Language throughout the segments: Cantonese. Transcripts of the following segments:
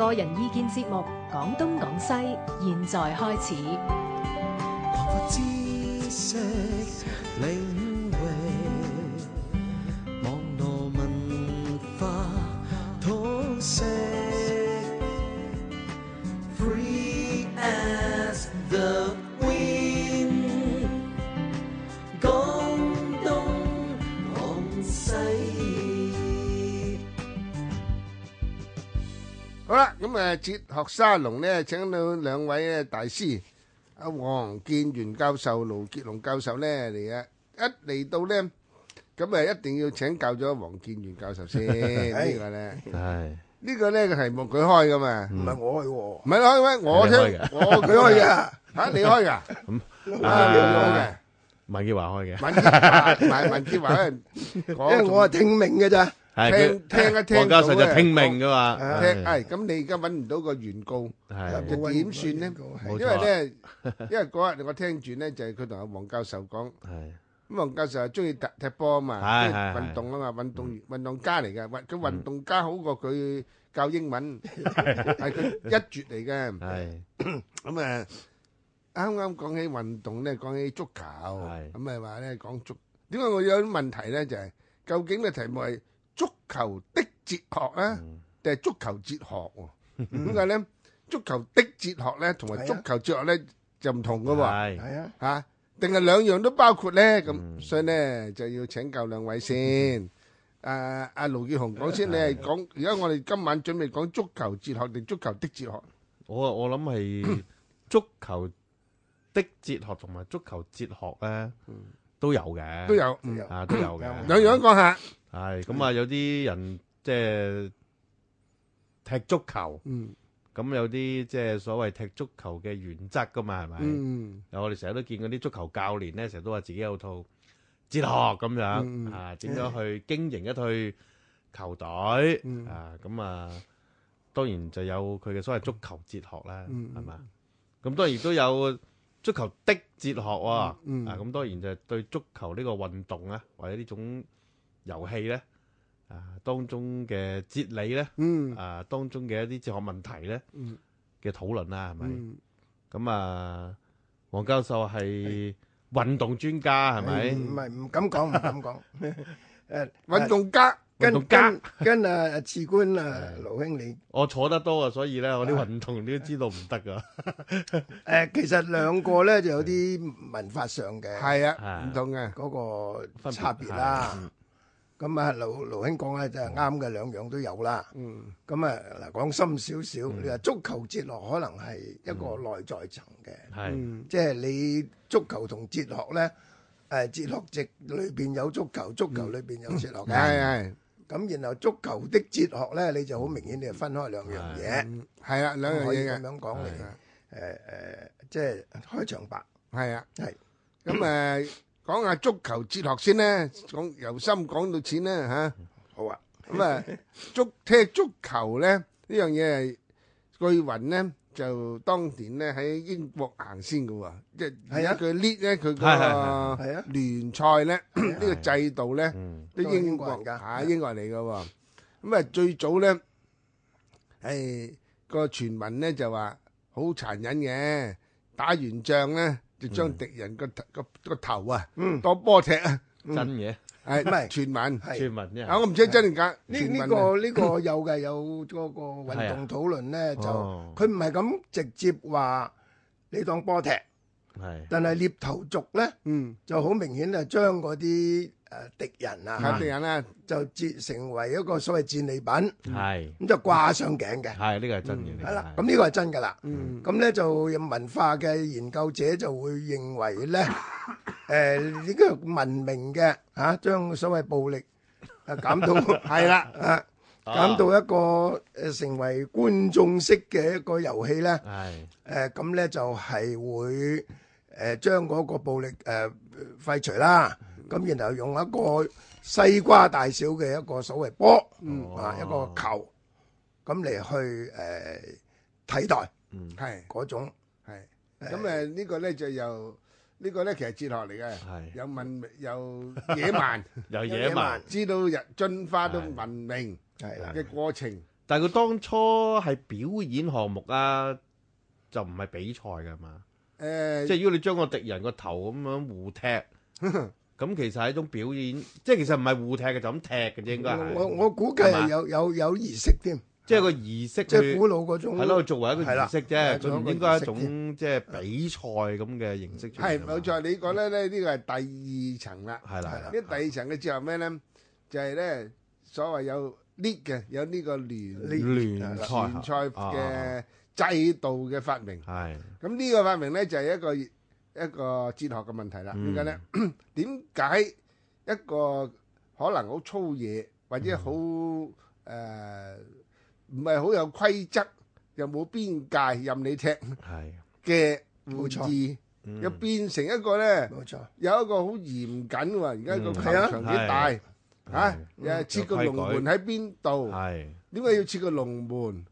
個人意見節目《講東講西》，現在開始。 咁誒，哲學沙龍咧，請到兩位誒大師，阿王建元教授、盧傑雄教授咧嚟嘅，一嚟到咧，咁誒一定要請教咗王建元教授先，呢個咧，係呢個咧嘅題目佢開噶嘛，唔係我開，唔係開咩，我開嘅，我佢開噶，吓你開噶，咁我嘅文杰華開嘅，文杰華，文文杰華，因為我係聽命嘅咋。聽聽一聽到咧，聽明噶嘛？聽係咁，你而家揾唔到個原告，就點算咧？因為咧，因為嗰日我聽住咧，就係佢同阿王教授講。係咁，王教授係中意踢踢波啊嘛，運動啊嘛，運動運動家嚟嘅，佢運動家好過佢教英文，係一絕嚟嘅。係咁啊，啱啱講起運動咧，講起足球，咁咪話咧講足？點解我有啲問題咧？就係究竟嘅題目係？足球的哲學咧，定係足球哲學？點解咧？足球的哲學咧，同埋足球哲學咧，就唔同噶。係係啊吓，定係兩樣都包括咧？咁所以咧，就要請教兩位先。誒，阿盧傑雄，講先，你係講而家我哋今晚準備講足球哲學定足球的哲學？我我諗係足球的哲學同埋足球哲學咧都有嘅，都有，都有，都有嘅，兩樣講下。係咁啊！有啲人即係踢足球，咁有啲即係所謂踢足球嘅原則㗎嘛？係咪？又、嗯嗯、我哋成日都見嗰啲足球教練咧，成日都話自己有套哲學咁樣、嗯、啊，點樣去經營一隊球隊、嗯嗯、啊？咁、嗯嗯、啊，當然就有佢嘅所謂足球哲學啦，係嘛、嗯？咁、嗯、當然亦都有足球的哲學喎、哦。啊、嗯，咁當然就係對足球呢個運動,動啊，或者呢種。遊戲咧啊，當中嘅哲理咧，啊，當中嘅一啲哲學問題咧嘅討論啦，係咪？咁啊，王教授係運動專家係咪？唔係唔敢講，唔敢講。誒運動家，運動家跟啊賜官啊盧兄你，我坐得多啊，所以咧我啲運動你都知道唔得㗎。誒，其實兩個咧就有啲文化上嘅係啊唔同嘅嗰個差別啦。咁啊，盧盧兄講咧就係啱嘅，兩樣都有啦。咁啊，嗱講深少少，你話足球哲學可能係一個內在層嘅，即係你足球同哲學咧，誒哲學值裏邊有足球，足球裏邊有哲學嘅。咁然後足球的哲學咧，你就好明顯你係分開兩樣嘢，係啊兩樣嘢咁樣講嚟，誒誒，即係開場白。係啊，係咁誒。講下足球哲學先咧，講由心講到錢咧吓，好啊。咁啊，足踢足球咧呢樣嘢，據云咧就當年咧喺英國行先嘅喎，即係而家佢 lead 咧佢個聯賽咧呢個制度咧，都英國吓英國人嚟嘅。咁啊最早咧，誒個傳聞咧就話好殘忍嘅，打完仗咧。就將敵人個個個頭啊，當波踢啊，真嘅，係唔係傳聞？傳聞啊，我唔知真定假。呢呢個呢個有嘅，有嗰個運動討論咧，就佢唔係咁直接話你當波踢，但係獵頭族咧，就好明顯係將嗰啲。誒敵人啊，個敵人咧就戰成為一個所謂戰利品，係咁就掛上頸嘅。係呢個係真嘅。係啦，咁呢個係真㗎啦。咁咧就有文化嘅研究者就會認為咧，誒呢個文明嘅嚇將所謂暴力誒減到係啦啊，減到一個誒成為觀眾式嘅一個遊戲咧。係誒咁咧就係會誒將嗰個暴力誒廢除啦。咁然後用一個西瓜大小嘅一個所謂波啊，一個球咁嚟去誒替代，係嗰種係。咁誒呢個咧就由呢個咧其實哲學嚟嘅，有文明有野蠻，有野蠻知道日進化到文明嘅過程。但係佢當初係表演項目啊，就唔係比賽㗎嘛。誒，即係如果你將個敵人個頭咁樣互踢。咁其實係一種表演，即、就、係、是、其實唔係互踢嘅，就咁踢嘅啫，應該我我估計係有吧有有儀式添，即係個儀式。即係古老嗰種。係咯，作為一個儀式啫，對應該係一種即係對、呃、比賽咁嘅形式。係冇錯，你覺得咧，呢個係第二層啦。係啦。啲第二層嘅就係咩咧？就係、是、咧所謂有 league 嘅有呢個聯聯聯賽嘅制度嘅發明。係、啊。咁、嗯、呢、嗯、個發明咧就係、是、一個。一個哲學嘅問題啦，點解咧？點解一個可能好粗野或者好誒唔係好有規則，又冇邊界任你踢嘅玩意，又變成一個咧？冇錯，有一個好嚴謹喎。而家個球場幾大吓，又設個龍門喺邊度？係點解要設個龍門？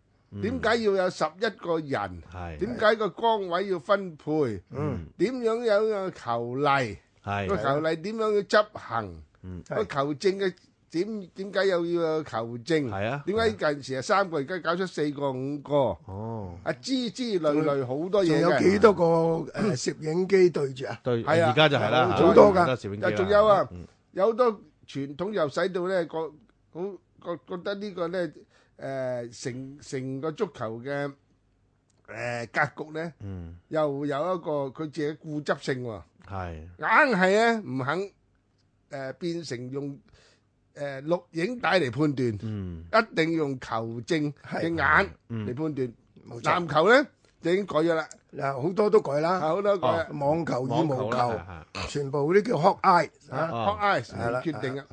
點解要有十一個人？係點解個崗位要分配？嗯，點樣有個球例？係個球例點樣去執行？嗯，個球證嘅點點解又要有球證？係啊，點解近時係三個而家搞出四個五個？哦，啊，支支累累好多嘢，有幾多個攝影機對住啊？對，係啊，而家就係啦，好多噶，仲有啊，有好多傳統又使到咧，個好覺覺得呢個咧。誒成成個足球嘅誒格局咧，又有一個佢自己固執性喎，硬係咧唔肯誒變成用誒錄影帶嚟判斷，一定用球證隻眼嚟判斷。籃球咧就已經改咗啦，嗱好多都改啦，好多改，網球羽毛球全部嗰啲叫 Hawk-Eye，Hawk-Eye 決定嘅。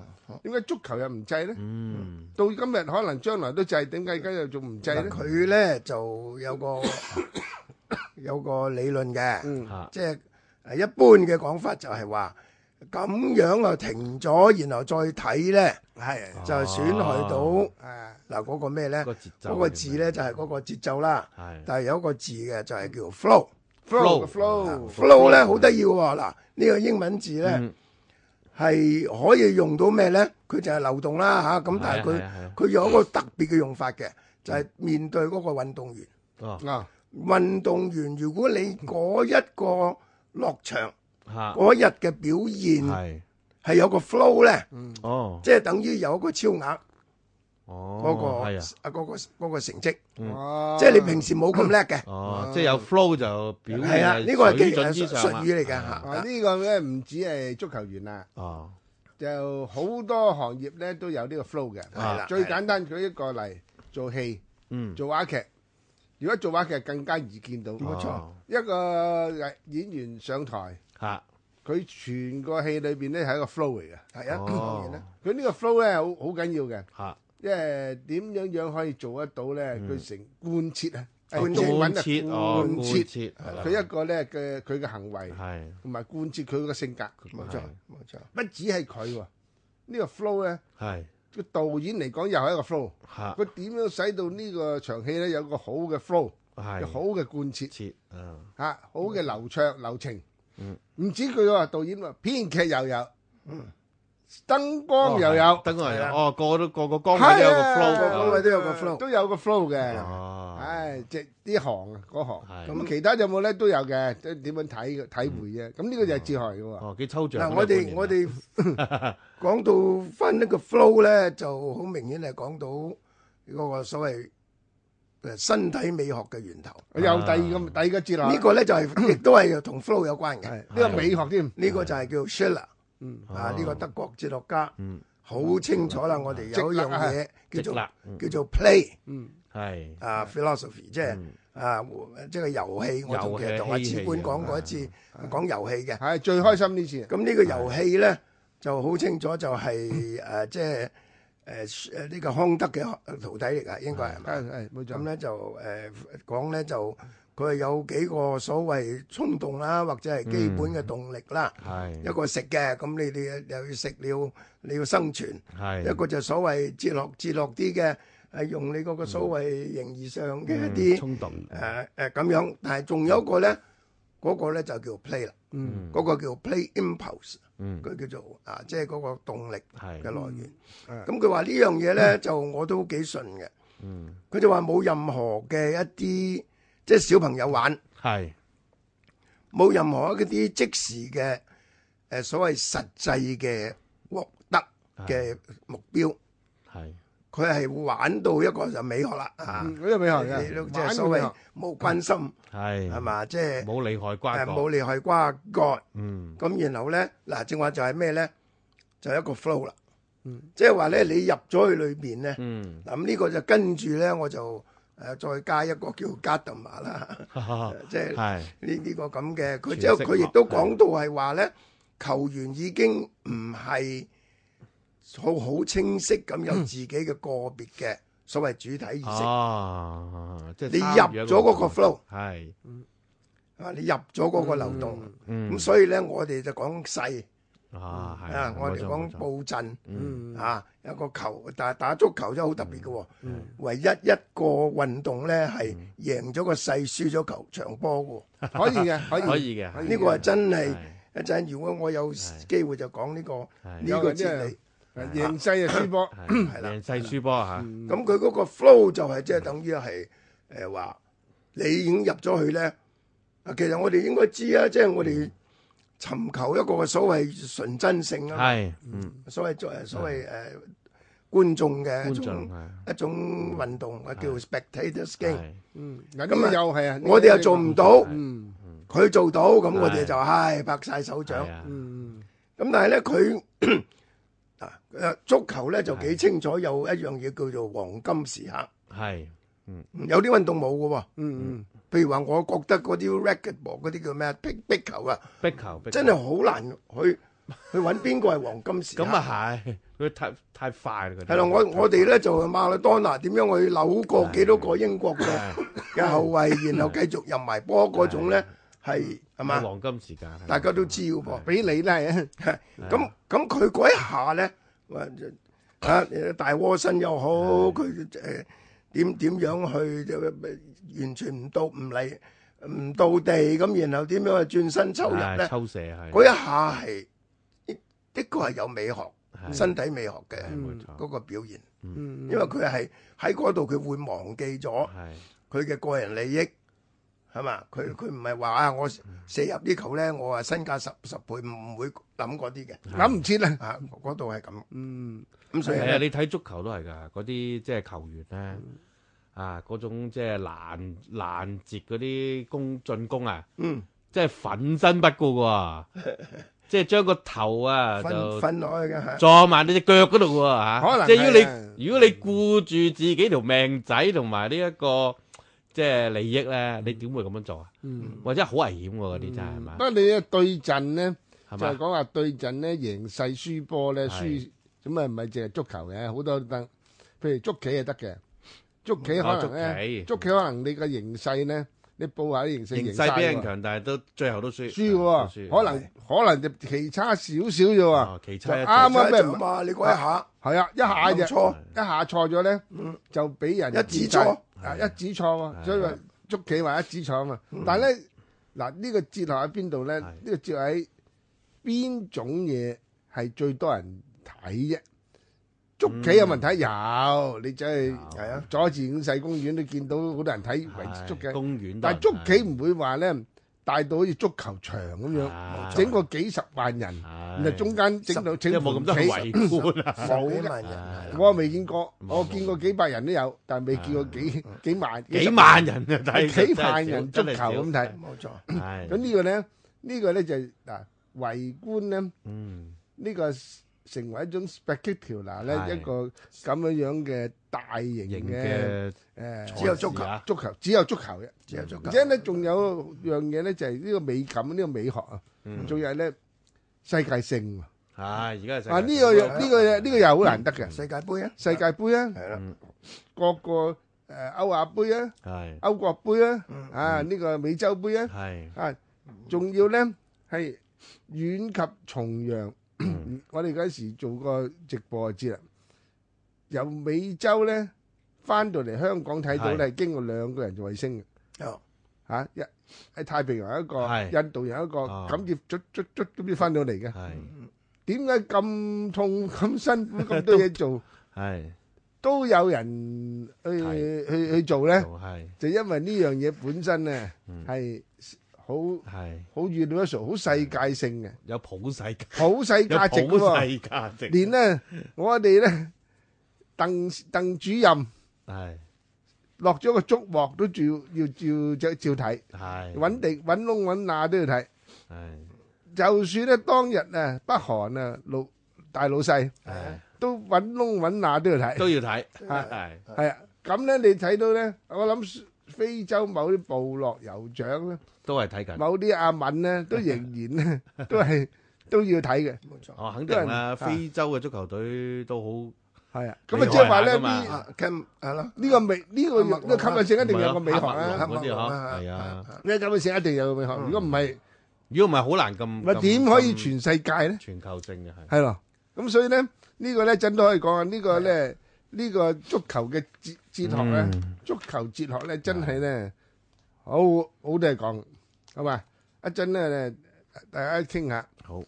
點解足球又唔制咧？嗯，到今日可能將來都制，點解而家又仲唔制咧？佢咧就有個有個理論嘅，嗯，即係誒一般嘅講法就係話咁樣啊停咗，然後再睇咧，係就損害到誒嗱嗰個咩咧？嗰個字咧就係嗰個節奏啦。係，但係有一個字嘅就係叫做 flow，flow，flow，flow 咧好得意喎！嗱呢個英文字咧。係可以用到咩咧？佢就係流動啦吓，咁、啊、但係佢佢有一個特別嘅用法嘅，嗯、就係面對個運動員、哦、啊啊，運動員如果你嗰、嗯、一個落場嗰日嘅表現係係有個 flow 咧，哦，是是 即係等於有一個超額。嗰個係啊！啊，嗰個嗰個成績，即係你平時冇咁叻嘅。哦，即係有 flow 就表現啊！呢個係技術術語嚟嘅。啊，呢個咧唔止係足球員啊。哦，就好多行業咧都有呢個 flow 嘅。係啦，最簡單舉一個例，做戲，嗯，做話劇。如果做話劇更加易見到。冇錯，一個誒演員上台，吓佢全個戲裏邊咧係一個 flow 嚟嘅。係啊，當然啦，佢呢個 flow 咧好好緊要嘅。吓。即係點樣樣可以做得到咧？佢成貫徹啊，貫徹貫徹，佢一個咧嘅佢嘅行為，同埋貫徹佢個性格。冇錯冇錯。不止係佢喎，呢個 flow 咧，個導演嚟講又係一個 flow。佢點樣使到呢個場戲咧有個好嘅 flow，好嘅貫徹，嚇，好嘅流暢流程。唔止佢話，導演話編劇又有。燈光又有，燈光又有，哦，個個都個個光位都有個 flow，個光位都有個 flow，都有個 flow 嘅，唉，即係呢行嗰行，咁其他有冇咧都有嘅，即係點樣睇體會啫？咁呢個就係哲學嘅喎。哦，幾抽象。嗱，我哋我哋講到翻呢個 flow 咧，就好明顯係講到嗰個所謂誒身體美學嘅源頭。有第二個第二個哲學，呢個咧就係亦都係同 flow 有關嘅。呢個美學添，呢個就係叫 Schiller。嗯，啊呢個德國哲學家，好清楚啦。我哋有一樣嘢叫做叫做 play，係啊 philosophy，即係啊即係遊戲。我同其實同阿志冠講過一次，講遊戲嘅，係最開心呢次。咁呢個遊戲咧就好清楚，就係誒即係誒呢個康德嘅徒弟嚟噶，應該係嘛？咁咧就誒講咧就。佢係有幾個所謂衝動啦，或者係基本嘅動力啦，一個食嘅，咁你哋又要食料，你要生存，一個就所謂節落節落啲嘅，係用你嗰個所謂形而上嘅一啲衝動，誒誒咁樣。但係仲有一個咧，嗰個咧就叫 play 啦，嗰個叫 play impulse，佢叫做啊，即係嗰個動力嘅來源。咁佢話呢樣嘢咧就我都幾信嘅。佢就話冇任何嘅一啲。即係小朋友玩，係冇任何一啲即時嘅誒所謂實際嘅獲得嘅目標，係佢係玩到一個就美學啦吓，嗰啲美學嘅，即係所謂冇關心，係係嘛，即係冇利害關係，冇利害瓜葛，嗯。咁然後咧嗱，正話就係咩咧？就係一個 flow 啦，即係話咧你入咗去裏邊咧，嗱咁呢個就跟住咧我就。誒、呃，再加一個叫加特馬啦，即係呢呢個咁嘅。佢即係佢亦都講到係話咧，球員已經唔係好好清晰咁有自己嘅個別嘅、嗯、所謂主體意識。哦、啊，即係你入咗嗰個 flow。係，啊，你入咗嗰個流動。嗯，咁、嗯、所以咧，我哋就講細。啊，啊，我哋講佈陣，嗯，啊，有個球，但係打足球真係好特別嘅，唯一一個運動咧係贏咗個勢，輸咗球場波嘅，可以嘅，可以嘅，呢個係真係，一陣如果我有機會就講呢個呢個哲理，贏勢嘅輸波，係啦，贏勢輸波吓，咁佢嗰個 flow 就係即係等於係誒話，你已經入咗去咧，啊，其實我哋應該知啊，即係我哋。尋求一個所謂純真性啊，所謂做所謂誒觀眾嘅一種一種運動，叫 spectators game。嗯，咁啊又係啊，我哋又做唔到，佢做到，咁我哋就唉拍晒手掌。嗯嗯，咁但係咧，佢啊足球咧就幾清楚，有一樣嘢叫做黃金時刻。係，嗯，有啲運動冇嘅喎。嗯嗯。譬如話，我覺得嗰啲 racket ball 嗰啲叫咩啊？壁壁球啊！壁球，真係好難去去揾邊個係黃金時間。咁啊係，佢太太快啦！嗰啲係咯，我我哋咧就馬拉多納點樣去扭過幾多個英國嘅嘅後衞，然後繼續入埋波嗰種咧，係係嘛？黃金時間，大家都知喎。俾你咧，咁咁佢嗰一下咧，啊大窩身又好，佢誒。點點樣去就完全唔到唔理唔到地咁，然後點樣去轉身抽呢？抽射係嗰一下係的的確係有美學，的身體美學嘅嗰的個表現。錯因為佢係喺嗰度，佢會忘記咗佢嘅個人利益。的係嘛？佢佢唔係話啊！我射入啲球咧，我啊身價十十倍，唔會諗嗰啲嘅，諗唔切啦，嗰度係咁。嗯，咁所以係啊！你睇足球都係噶，嗰啲即係球員咧，嗯、啊，嗰種即係攔攔截嗰啲攻進攻啊，嗯，即係粉身不顧、啊， 即係將個頭啊就瞓落去嘅，撞埋你隻腳嗰度吓。可能即係如果你如果你顧住自己條命仔同埋呢一個。即係利益咧，你點會咁樣做啊？嗯、或者好危險喎，嗰啲真係嘛？不過、嗯、吧你嘅對陣咧，就係講話對陣咧，形勢輸波咧輸，咁啊唔係淨係足球嘅，好多都得，譬如捉棋係得嘅，捉棋可能咧，捉、哦、棋，棋可能你嘅形勢咧。嗯你報下啲形勢形勢比人強大，都最後都輸輸可能可能就棋差少少啫喎，棋啱啱咩嘛？你一下係啊，一下就一下錯咗咧，就俾人一子錯，一子錯，所以話捉棋話一子錯啊嘛。但係咧嗱，呢個哲學喺邊度咧？呢個哲學喺邊種嘢係最多人睇啫？捉棋有問題有,你真係係啊！佐治五世公園都見到好多人睇圍住捉棋，但係捉棋唔會話咧大到好似足球場咁樣，整個幾十萬人，就中間整到整到起幾萬人，我未見過，我見過幾百人都有，但係未見過幾幾萬、幾萬人嘅睇，幾萬人足球咁睇，冇錯。咁呢個咧，呢個咧就係嗱，圍觀咧，呢個。成為一種 spectacle 啦咧，一個咁樣樣嘅大型嘅誒，只有足球，足球只有足球嘅，而且咧仲有樣嘢咧就係呢個美感，呢個美學啊，仲有咧世界性啊，而家呢個又呢個又呢個又好難得嘅世界盃啊，世界盃啊，各個誒歐亞杯啊，歐國杯啊，啊呢個美洲杯啊，啊仲要咧係遠及重洋。我哋嗰時做過直播就知啦，由美洲咧翻到嚟香港睇到咧，係經過兩個人做衛星嘅，吓，一喺太平洋一個，印度有一個，感謝卒卒卒咁樣翻到嚟嘅。點解咁痛咁辛苦咁多嘢做，係都有人去去去做咧？就因為呢樣嘢本身啊，係。好係，好 universal，好世界性嘅，有普世普世價值喎，價值連咧，我哋咧鄧鄧主任係落咗個竹幕都照要照照睇，係揾地揾窿揾罅都要睇，係就算咧當日啊北韓啊老大老細係都揾窿揾罅都要睇，都要睇係係啊，咁咧你睇到咧，我諗。非洲某啲部落酋長咧，都係睇緊；某啲阿敏咧，都仍然咧，都係都要睇嘅。冇錯，哦，肯定啦。非洲嘅足球隊都好，係啊。咁啊，即係話咧，啲，係咯。呢個美，呢個吸引力性一定有個美學啦。嚇嚇嚇，係啊。呢吸引力性一定有個美學，如果唔係，如果唔係好難咁。咪點可以全世界咧？全球性嘅係。係咯，咁所以咧，呢個咧真都可以講啊。呢個咧，呢個足球嘅。哲學咧，足球哲學咧，真係咧，好好哋講，好嘛？一陣咧，大家傾下。好。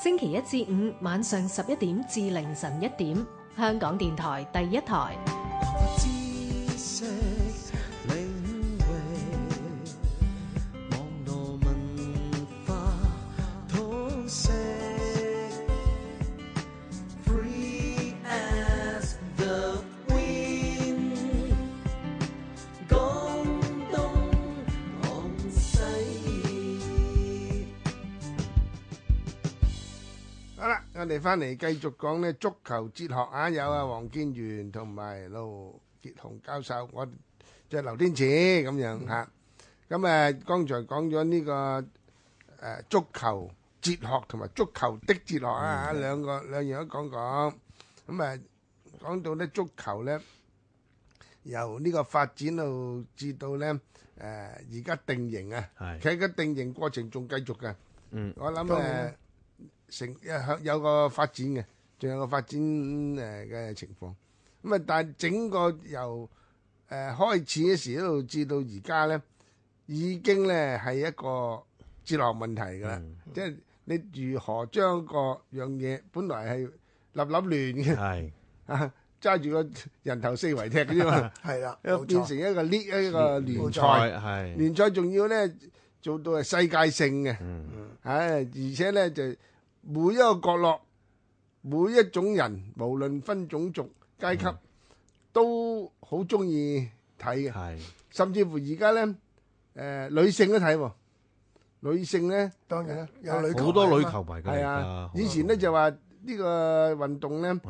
星期一至五晚上十一點至凌晨一點，香港電台第一台。我哋翻嚟繼續講咧足球哲學啊，有啊，王建元同埋盧傑雄教授，我即係劉天賜咁樣嚇。咁誒剛才講咗呢個誒足球哲學同埋足球的哲學啊，兩個兩樣都講講。咁誒講到咧足球咧，由呢個發展到至到咧誒而家定型啊。係，其實個定型過程仲繼續嘅。嗯，我諗誒。成一向有個發展嘅，仲有個發展誒嘅情況。咁啊，但係整個由誒開始嗰時一路至到而家咧，已經咧係一個哲學問題㗎啦。即係你如何將個樣嘢，本來係立立亂嘅，係啊，揸住個人頭四圍踢嘅啫嘛。係啦，變成一個呢一個聯賽，係聯賽仲要咧做到係世界性嘅，係而且咧就。每一個角落，每一種人，無論分種族階級，都好中意睇嘅。甚至乎而家咧，誒，女性都睇喎。女性咧，當然啦，有女好多女球迷嘅。係啊，以前咧就話呢個運動咧，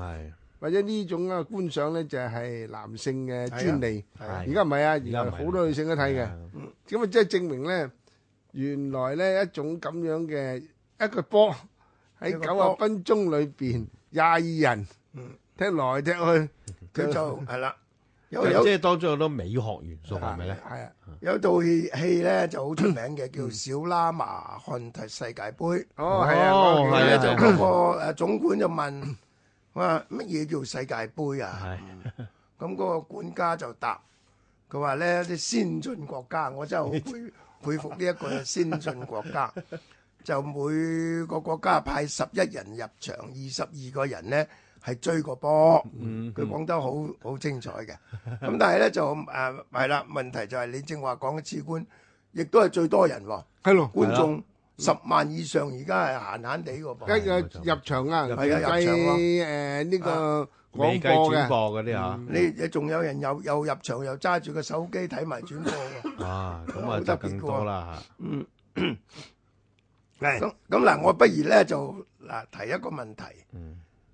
或者呢種嘅觀賞咧就係男性嘅專利。而家唔係啊，而家好多女性都睇嘅。咁啊，即係證明咧，原來咧一種咁樣嘅一個波。喺九十分鐘裏邊廿二人踢來踢去，佢就係啦。即係多咗好多美學元素，係咪咧？係啊，有套戲戲咧就好出名嘅，叫《小喇嘛看世界盃》。哦，係啊，就嗰個誒總管就問：哇，乜嘢叫世界盃啊？咁嗰個管家就答：佢話咧啲先進國家，我真係好佩佩服呢一個先進國家。就每個國家派十一人入場，二十二個人咧係追個波。佢講得好好精彩嘅。咁但係咧就誒係啦，問題就係你正話講嘅次觀，亦都係最多人喎。係咯，觀眾十萬以上，而家係閒閒地個噃。跟住入場啊，係啊，誒呢個廣播嘅，轉播嗰啲嚇。你你仲有人又又入場又揸住個手機睇埋轉播喎。啊，咁啊特別多啦嚇。咁咁，嗱，我不如咧就嗱，提一個問題，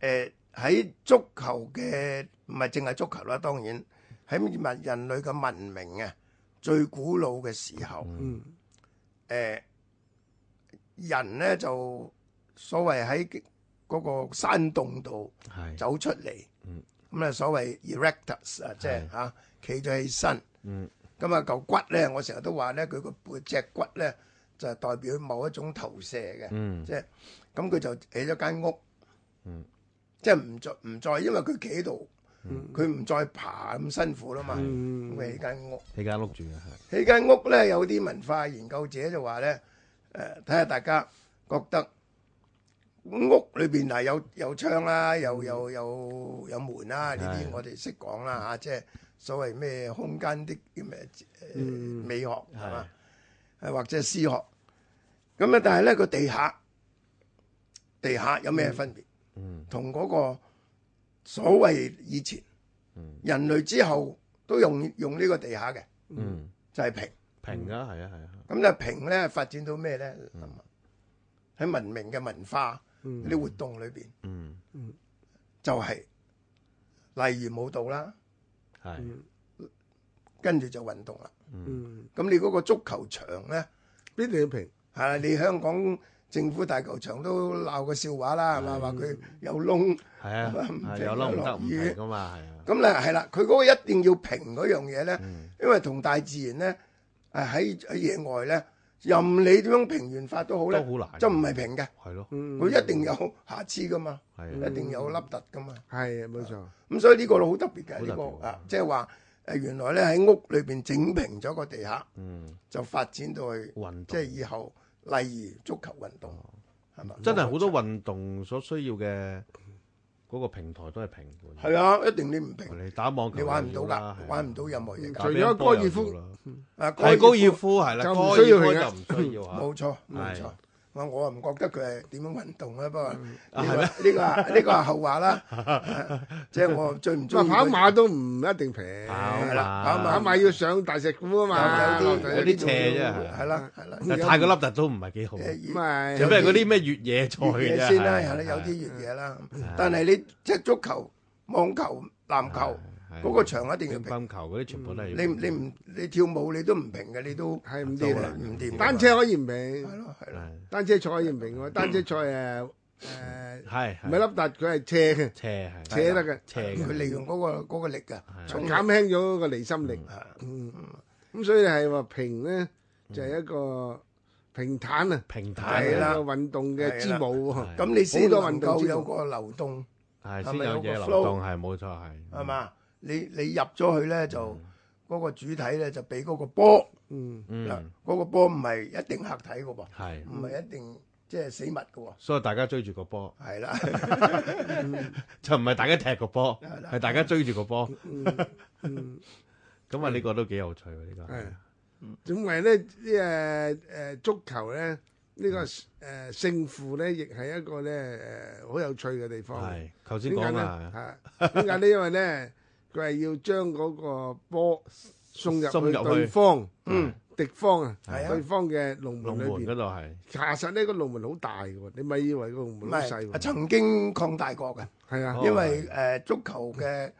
誒喺足球嘅，唔係淨係足球啦，當然喺文人類嘅文明啊最古老嘅時候，誒人咧就所謂喺嗰個山洞度走出嚟，咁啊所謂 erectus 啊，即係吓企咗起身，咁啊嚿骨咧，我成日都話咧佢個背脊骨咧。就係代表某一種投射嘅，即係咁佢就起咗間屋，即係唔再唔再，因為佢企喺度，佢唔再爬咁辛苦啦嘛，咁咪起間屋，起間屋住啊，起間屋咧有啲文化研究者就話咧，誒睇下大家覺得屋裏邊嗱有有窗啦，又又有有門啦，呢啲我哋識講啦嚇，即係所謂咩空間的叫咩美學係嘛。係或者係私學，咁咧但係咧個地下，地下有咩分別？嗯，同、嗯、嗰個所謂以前人類之後都用用呢個地下嘅，嗯，就係平平啊，係啊，係啊。咁就平咧發展到咩咧？喺文明嘅文化啲活動裏邊，嗯，就係例如舞蹈啦，係、啊嗯，跟住就運動啦。嗯，咁你嗰個足球場咧，一定要平吓。你香港政府大球場都鬧個笑話啦，係嘛？話佢有窿，係啊，係有窿唔得，唔係噶嘛。咁咧係啦，佢嗰個一定要平嗰樣嘢咧，因為同大自然咧，喺喺野外咧，任你點樣平原法都好咧，都好難，就唔係平嘅，係咯，佢一定有瑕疵噶嘛，一定有凹凸噶嘛，係冇錯。咁所以呢個好特別嘅呢個啊，即係話。原來咧喺屋裏邊整平咗個地下，就發展到去運動，即係以後，例如足球運動，係嘛？真係好多運動所需要嘅嗰個平台都係平。係啊，一定你唔平，你打網球你玩唔到㗎，玩唔到任何嘢。除咗高爾夫，啊，高爾夫係啦，高爾夫就唔需要啊。冇錯，冇錯。我又唔覺得佢係點樣運動啊，不過呢個呢個係後話啦，即係我最唔中意跑馬都唔一定平，跑馬跑馬要上大石鼓啊嘛，有啲有啲斜啫，係啦係啦，太過凹凸都唔係幾好，咁啊，除非嗰啲咩越野賽先啦，有啲有啲越野啦，但係你即踢足球、網球、籃球。嗰個場一定要平，乒乓球嗰啲全部都係你你唔你跳舞你都唔平嘅，你都唔掂唔掂。單車可以唔平，係咯係咯。單車賽可以唔平喎，單車賽誒誒係唔係凹凸？佢係斜嘅，斜斜得嘅，斜佢利用嗰個嗰個力㗎，重減輕咗個離心力啊。嗯，咁所以係話平咧就係一個平坦啊，平坦啦運動嘅之舞喎。咁你始終運動有個流動，係咪有嘅流動係冇錯係係嘛？你你入咗去咧，就嗰個主體咧就俾嗰個波，嗱嗰個波唔係一定客體噶噃，唔係一定即係死物噶喎。所以大家追住個波，係啦，就唔係大家踢個波，係大家追住個波。咁啊，呢個都幾有趣喎，呢個。因為咧，誒誒足球咧，呢個誒勝負咧，亦係一個咧誒好有趣嘅地方。頭先講啦，點解呢？因為咧。佢係要將嗰個波送入去對方，嗯，係啊敵方啊，係啊對方嘅龍門裏邊嗰度，係查實呢個龍門好大嘅喎，你咪以為個龍門好細喎？曾經擴大過嘅，係啊係啊，因為誒、哦呃、足球嘅。嗯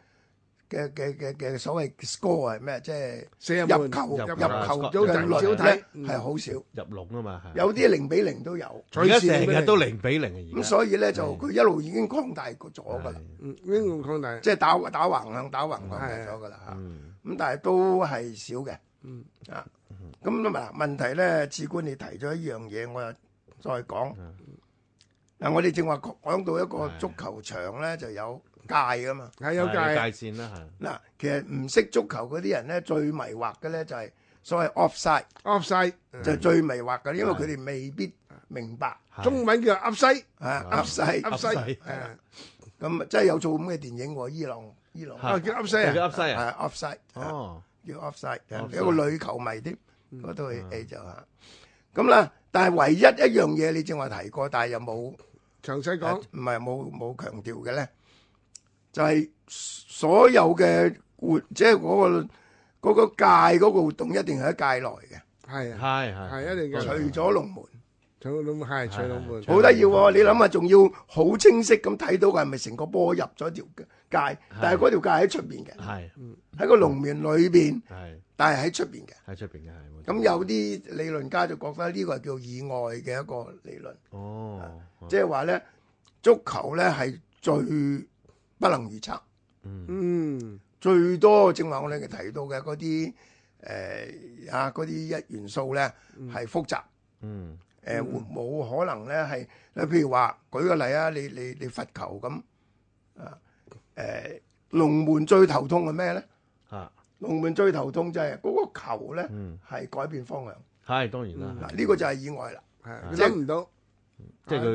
嘅嘅嘅嘅所謂 score 係咩？即係入球入球，最近少睇係好少入籠啊嘛！有啲零比零都有，而家成日都零比零啊！而家咁，所以咧就佢一路已經擴大咗噶啦，已經擴大，即係打打橫向打橫擴大咗噶啦嚇。咁但係都係少嘅。啊咁啦嘛，問題咧，賜官你提咗一樣嘢，我又再講。嗱，我哋正話講到一個足球場咧，就有。界噶嘛，係有界線啦，係嗱。其實唔識足球嗰啲人咧，最迷惑嘅咧就係所謂 offside，offside 就最迷惑嘅，因為佢哋未必明白中文叫鴨西啊，鴨西鴨西，咁即係有做咁嘅電影喎，伊朗伊朗啊，叫鴨西啊，鴨西啊，offside 哦，叫 offside，有個女球迷添，嗰套嘢就吓咁啦。但係唯一一樣嘢，你正話提過，但係又冇詳細講，唔係冇冇強調嘅咧。就係所有嘅活，即係嗰個嗰個界嗰個活動，一定係喺界內嘅。係係係，係一定嘅。除咗龍門，除龍門係，除龍門好得意。你諗下，仲要好清晰咁睇到佢係咪成個波入咗條界？但係嗰條界喺出邊嘅。係，喺個龍門裏邊，但係喺出邊嘅。喺出邊嘅係。咁有啲理論家就覺得呢個係叫意外嘅一個理論。哦，即係話咧，足球咧係最。不能預測。嗯，最多正話我哋嘅提到嘅嗰啲誒啊啲一元素咧係複雜。嗯，誒冇可能咧係，你譬如話舉個例啊，你你你罰球咁啊誒，龍門最頭痛係咩咧？啊，龍門最頭痛就係嗰個球咧，係改變方向。係當然啦，嗱呢個就係意外啦。誒，整唔到。嗯，這個。